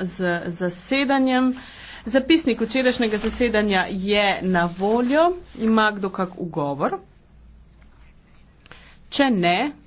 z zasedanjem. Zapisnik včerajšnjega zasedanja je na voljo. Ima kdo kak ugovor? Če ne,